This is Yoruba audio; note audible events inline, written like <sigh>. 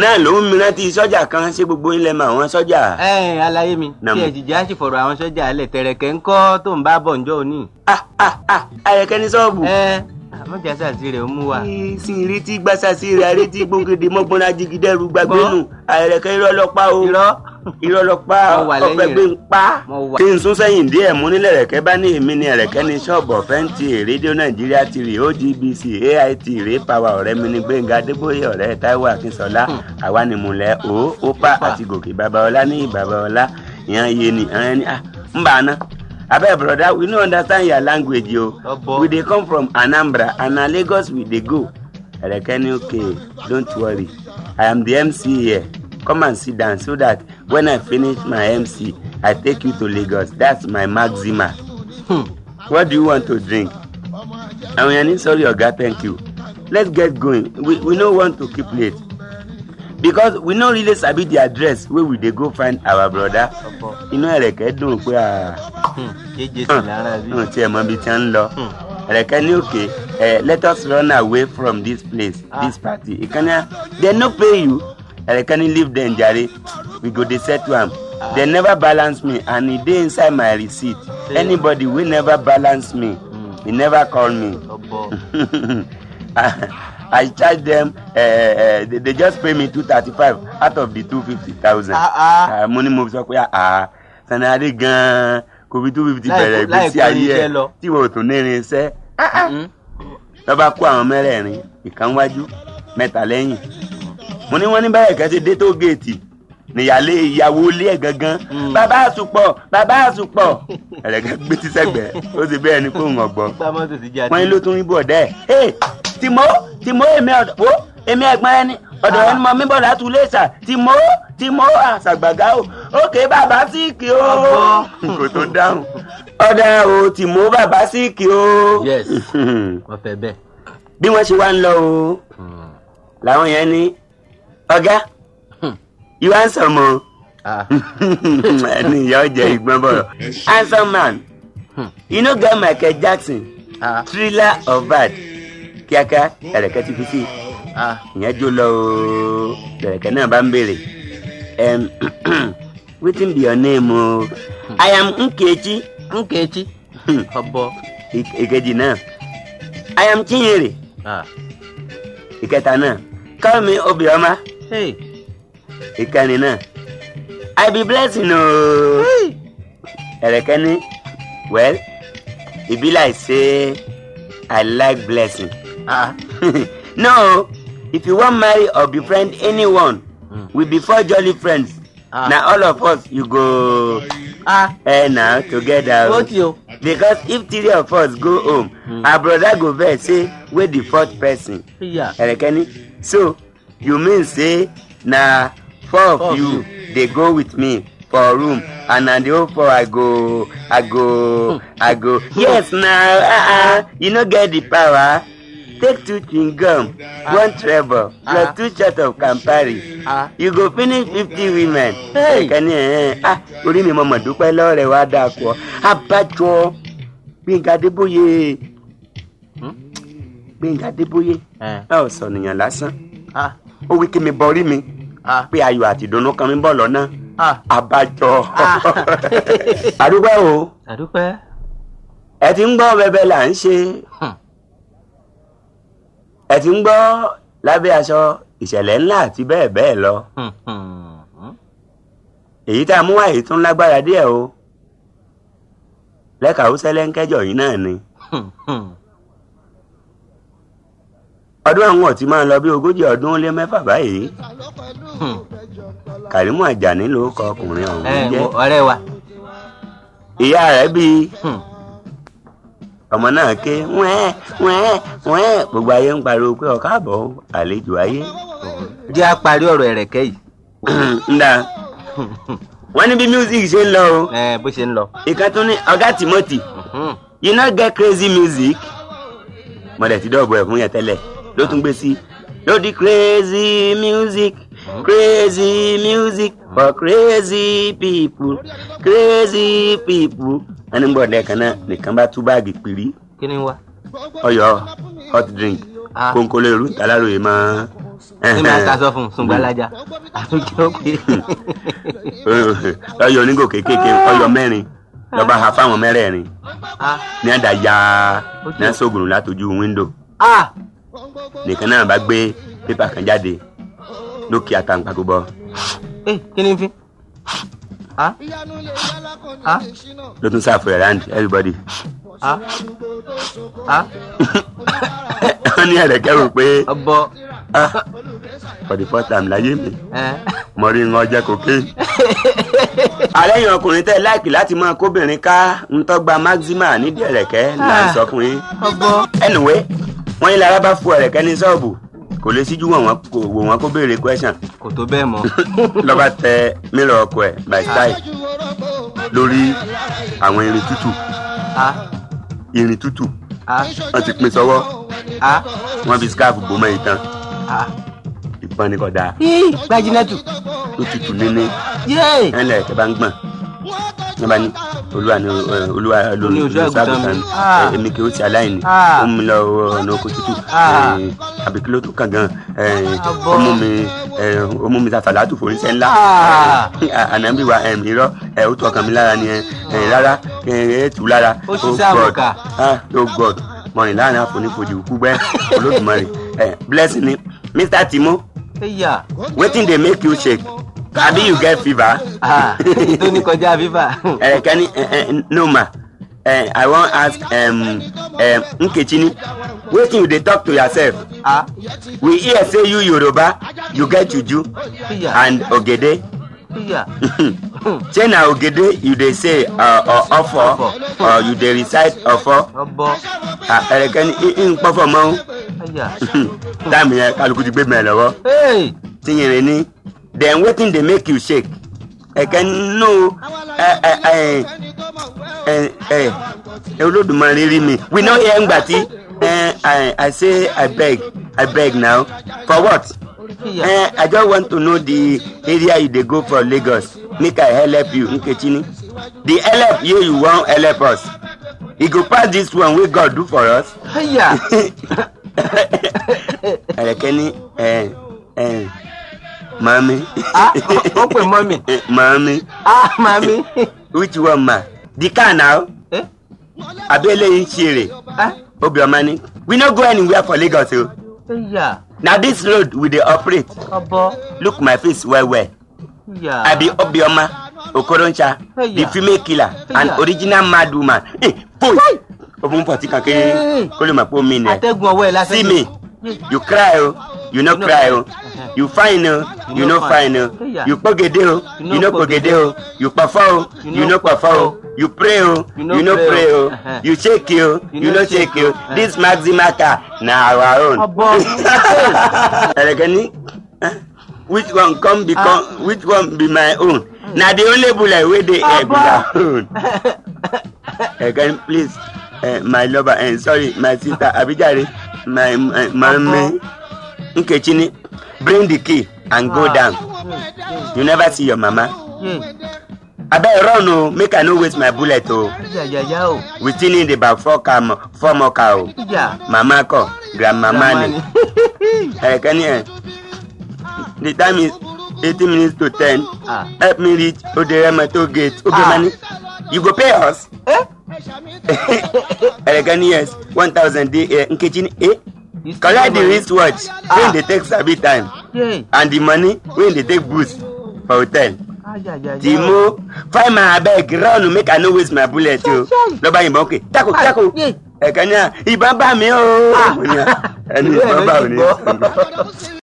náà ló ń mìíràn tí sọ́jà kan ṣe gbogbo ilẹ̀ mọ̀ àwọn sọ́jà. ẹ ẹ aláyé mi tí ẹ jìjà sì fọ̀rọ̀ àwọn sọ́jà alẹ̀ tẹ̀rẹ̀kẹ́ ń kọ́ tó ń bá bọ̀ ǹjọ́ òní. a ah, a ah, a ah, àyẹ̀kẹ́ ní sọ́ọ̀bù. ẹ àmọ́ jàsà sí rẹ̀ ó mú wa. sí i retí gbàsà sí rẹ̀ retí gbògede mọ́gbọ́n ajigidẹ́rù gbàgbénu àyẹ̀kẹ́ irọ́ lọ́pàá o. irọ́ ìrọlọpá ọpẹ gbé ń pa tí n sún sẹ́yìn díẹ̀ mú nílẹ̀ rẹ̀kẹ́ bá ní èmi ni ẹ̀rẹ̀kẹ́ ní ṣọ́ọ̀bù ọ̀fẹ́ǹtì rédíò nàìjíríà ti rè OGBC AIT rè pàwà ọ̀rẹ́ mi ní gbẹ̀ngà adébóyè ọ̀rẹ́ táíwò akínsọlá hmm. àwa nìmùlẹ̀ o ópa hmm. àti gòkè babaọlá ní ìbàbáọlá ìyàn iye ni àwọn ẹni à ń bà ná abeg broda we no understand your language o we dey come from anambra and na lagos we dey go ẹ̀rẹ̀kẹ́ ní okay don't worry i am the mc here come and sit down so that when I finish my MC, I take you to Lagos. That's my maxima. Hmm. What do you want to drink? I sorry, Oga, thank you. Let's get going. We, we no want to keep late. Because we no really sabi the address where we dey go find our brother. Inú ẹ̀rẹ̀kẹ́ dùn pé à. Jéjé sì lára bí. Hmm, tí ẹ̀ mọ ibi tí ń lọ. Hmm. Ẹ̀rẹ̀kẹ́ ní òkè ẹ̀ eh, let us run away from this place, ah. this party. Ìkànnì à, they no pay you. Ẹ̀rẹ̀kẹ́ ní leave dem jàre we go dey settle am dem never balance me and e dey inside my receipt anybody wey never balance me mm. e never call me <laughs> i charge dem uh, eh, uh, eh, they, eh, they just pay me two thirty-five out of the two fifty thousand ah, ah. Ah, Money ní mo sọ pé Sani Ade gan-an kò fi two fifty bẹ̀rẹ̀ ìgbésí ayé ẹ̀ tí wọ́n tún ní irinṣẹ́ lọ́ba mm-hmm. kó àwọn mẹ́rẹ̀ẹ̀rin ìkan wájú mẹ́ta lẹ́yìn mo ní wọ́n ní báyìí kẹ́sì dé tó géètì níyàlé ìyàwó ilé ẹ̀ gangan hmm. bàbá àsùpọ̀ bàbá àsùpọ̀ ẹ̀rẹ̀gẹ́ gbé tí sẹ́gbẹ̀ ó sì bẹ́ẹ̀ ni kó ń ọ̀gbọ́n wọ́n ní ló tún rí bọ̀dẹ́ ẹ̀ tìmọ́ tìmọ́ èmi ọ̀dọ́ èmi ẹ̀gbọ́n ẹni ọ̀dọ̀ ah. ẹni mọ mi bọ̀dọ̀ àtúlé sà tìmọ́ tìmọ́ àṣàgbàgà o òkè bàbá síìkì o kò tó dáhùn ọ̀dà o tìmọ́ bàbá síìkì o. yes <laughs> wọ́n fẹ́ bẹ́ẹ̀. bí wọ́n ṣe wá ń lọ o hmm. làwọn yẹn ní ọ̀gá you handsome o ah. <laughs> ẹni ìyá ọjà ìgbọ́n bọ̀rọ̀ handsome hmm. man hmm. you no get Michael Jackson ah. thriller of bad kíákíá ẹ̀rẹ̀kẹ́ ti fi sí ah. ìyẹn jó lọ o ẹ̀rẹ̀kẹ́ náà bá ń béèrè <clears throat> wetin be your name o hmm. I am Nkechi. Nkechi ọbọ. ìkejì náà I am Chinyere ìkẹta náà call me Obioma. Hey ìkẹrin náà i be blessing ooo ẹ̀rẹ̀kẹ́ ní well e be like say i like blessing ah <laughs> no if you wan marry or befriend anyone hmm. we be four jolly friends ah. na all of us you go ah eh na together o because if three of us go home hmm. our brother go vex say wey the fourth person yeah. ẹ̀rẹ̀kẹ́ ní so you mean say na four of you dey go with me for room and na the whole four i go i go i go yes na uh -uh, you no get the power take two chewing gum uh, one treble ah. plus two shots of campari uh, you go finish fifty women. kẹ́ni ẹ̀ ẹ́ orí mi mọ̀mọ́ dúpẹ́ lọ́rẹ̀ wá dáa kọ́ abájọ gbẹ̀ngà adébóyè hmm? gbẹ̀ngà adébóyè ẹ eh. ò sọ̀nìyàn lásán ó wí kí mi bọ orí mi. Ah, pé ayọ̀ àti ìdùnnú kan mi bọ̀ lọ́nà ah. àbájọ àdúpẹ́ ah. <laughs> o ẹ ti ń gbọ́ bẹbẹ là ń ṣe hmm. ẹ ti ń gbọ́ lábẹ́ aṣọ ìṣẹ̀lẹ̀ ńlá àti bẹ́ẹ̀ bẹ́ẹ̀ lọ hmm, hmm. èyí tá a mú wáyé tún lágbára díẹ̀ o lẹ́ka ó sẹ́lẹ̀ ń kẹ́jọ yìí náà ni ọdún àwọn ọ̀tí máa ń lọ bí ogójì ọdún ó lé mẹ́fà báyìí. Hmm. Kàrímù Àjàní ló kọ ọkùnrin ọ̀hún eh, jẹ́ wa ìyá rẹ bí hmm. ọmọ náà ké wẹ́ẹ́ wẹ́ẹ́ wẹ́ẹ́ gbogbo ayé ń pariwo pé ọ̀ká àbọ̀ àlejò ayé. jẹ́ a parí ọ̀rọ̀ ẹ̀rẹ̀kẹ́ yìí. <clears throat> nda hmm. wọ́n ní bí music ṣe ń lọ o. Eh, bó ṣe ń lọ. ìkan tún ní ọ̀gá you no get crazy music dọ̀bọ̀ ẹ̀ fún yẹn tẹ́lẹ̀ ló tún gbé sí crazy music. Crazy music for crazy people. Crazy people. Ẹni bọ̀ lẹ́ẹ̀kan náà nìkan bá tú báàgì pìrí. Kí ni wá? Ọyọ hot drink. Ah. Kónkóló irú taláròyè máa. Ní máa sàṣọ fún Sungbalaja. Àtúnjẹ́ ó pé. Ọyọ onígò kékèké ọyọ mẹ́rin ah. lọ́ba ha fáwọn mẹ́rẹ̀ẹ̀rin. Ah. Ní àdá ya ní aṣọ́gun látojú wíńdò. Nìkan náà bá gbé pépà kan jáde lókè àtàǹgbàgbò bọ. ẹ kí ni fi. ló tún sáà fòyà round everybody. <laughs> wọ́n ní ẹ̀rẹ̀kẹ́ rò pé for the first time láyé mi mo rí wọn jẹ cocaine. ààrẹ yan ọkùnrin tẹ láìkì láti máa kóbìnrin ká ń tọ́gba maxima nídìí ẹ̀rẹ̀kẹ́ là ń sọ fún yín. ẹnu wé wọ́n yín lára bá fún ẹ̀rẹ̀kẹ́ ní ṣọ́ọ̀bù kò lè síjú wò wọ́n kò kó béèrè question. kò tó bẹ́ẹ̀ mọ́. <laughs> lọ́ba tẹ mìíràn ọkọ ẹ̀ by style lórí àwọn irin tútù. irin tútù. wọ́n ti pín sọ́wọ́. wọ́n fi scarf bò mọ́ ìtàn. ìbọn ni kò dáa. gbajinatu. ó tutù níní. ẹ lẹ ẹ bá ń gbọ̀n ní bá ní olúwa ní olúwa lónìí olùsọ àgùntàn èmi kì í ó ti aláìní ó ń lọ ọ̀nà oko àbí kí ló tún kàn gan ọmú mi ọmú ńlá ah. <laughs> ànábì wa irọ́ ọkàn mi lára ni rárá ẹ lára ó oh god mọ̀rìn ah, oh láàrin àfonífojì òkú olódùmarè blessing mr timo wetin dey make you shake abi you get fever. ah tó ní kọjá fever. ẹ̀ẹ̀kan <laughs> eh, ní eh, eh, no uh, i wan ask um, um, nkechini wetin you dey talk to yourself ah we hear say you yoruba you get juju and ogede <laughs> say na ogede you dey say uh, or ofo or you dey recite ofo ẹrẹkẹni nkpọfọ mọ táàmù yẹn kálukú ti gbé mẹ e lọwọ tiyẹrẹ ni then wetin dey make you shake ẹkẹ no ẹ ẹ ẹ ẹ ẹ Olódùmarè rí mi we no hear ngbà tí i i say i beg i beg now for what uh, i just want to know the area you dey go for Lagos make i help you Nkechini the help you you wan help us e go pass this one wey God do for us. ẹ̀rẹ̀kẹ́ni ẹ̀ ẹ̀ mami. ah o pe mami. <laughs> mami. ah mami. which one ma the car now abi eleyi n ṣe re ah. obioma ni we no go anywhere for lagos o na this road we dey operate look my face well well i be obioma okoroncha the female killer and original mad woman eh boy open party kankan kó lè mọ̀ pé ó mi nẹ see me you cry o you no cry o oh. you fine o oh. you no fine o oh. you kpogede o you no kpogede o you kpafa o you no kpafa o you pray o you no pray o you shake o you no shake o this maxima car na our own. ẹ̀rẹ̀kẹ́ni <laughs> eh? which one come become ah. which one be my own na the only bullet wey dey air be my own. ẹ̀rẹ̀kẹ́ni please uh, my lover uh, sorry my sister abijare my, my, my mami. Nkechini, bring the key and go down. You never see your mama. abeg run o make i no waste my bullet o we still need about four car four more car o mama kọ grandmama ni ẹkẹni ẹ <laughs> eh, eh. the time is eighteen minutes to ten ah. help me reach oderema toll gate ogemani ah. you go pay us ẹkẹni eh? <laughs> yes one thousand dey here nkechi ni eh. Collect the wristwatch ah. wey dey take sabi time and the money wey dey take boost for hotel. timo find my abeg run make i no waste my bullet o oh. lọba yìnbọn kè tako ah, tako ẹ̀kan ní à ìbọn bá mi o oh. ah. ẹni ìbọn bá mi. <laughs>